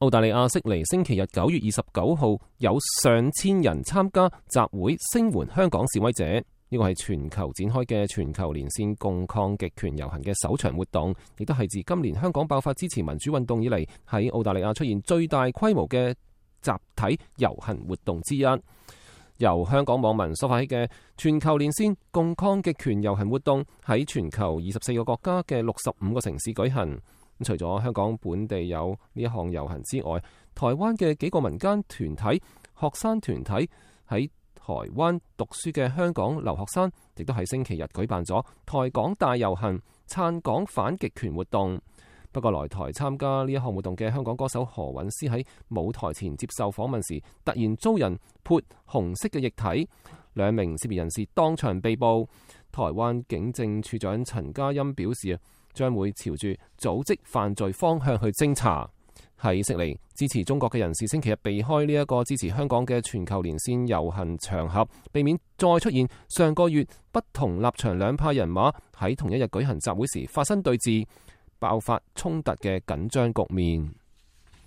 澳大利亞悉尼星期日九月二十九號有上千人參加集會聲援香港示威者，呢個係全球展開嘅全球連線共抗極權遊行嘅首場活動亦都係自今年香港爆發支持民主運動以嚟喺澳大利亞出現最大規模嘅集體遊行活動之一。由香港網民所發起嘅全球連線共抗極權遊行活動，喺全球二十四個國家嘅六十五個城市舉行。除咗香港本地有呢一項遊行之外，台灣嘅幾個民間團體、學生團體、喺台灣讀書嘅香港留學生，亦都喺星期日舉辦咗台港大遊行、撐港反極權活動。不過來台參加呢一項活動嘅香港歌手何韻詩喺舞台前接受訪問時突然遭人潑紅色嘅液體，兩名涉事人士當場被捕。台灣警政處長陳嘉欣表示啊。將會朝住組織犯罪方向去偵查。喺悉尼，支持中國嘅人士星期日避開呢一個支持香港嘅全球連線遊行場合，避免再出現上個月不同立場兩派人馬喺同一日舉行集會時發生對峙、爆發衝突嘅緊張局面。